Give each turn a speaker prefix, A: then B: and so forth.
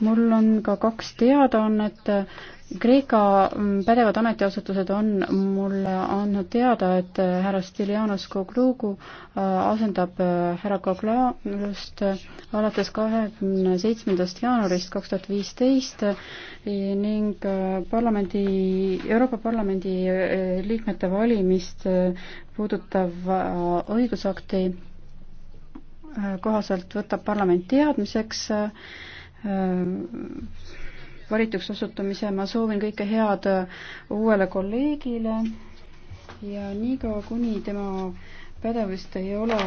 A: mul on ka kaks teadaannet. Kreeka pädevad ametiasutused on mulle andnud teada, et härra Stiljanos Koglugu äh, asendab äh, härra Koglust äh, alates kahekümne seitsmendast jaanuarist kaks tuhat viisteist ning parlamendi, Euroopa Parlamendi liikmete valimist puudutav õigusakti kohaselt võtab parlament teadmiseks Äh, valituks osutumise. ma soovin kõike head äh, uuele kolleegile ja niikaua, kuni tema pädevust ei ole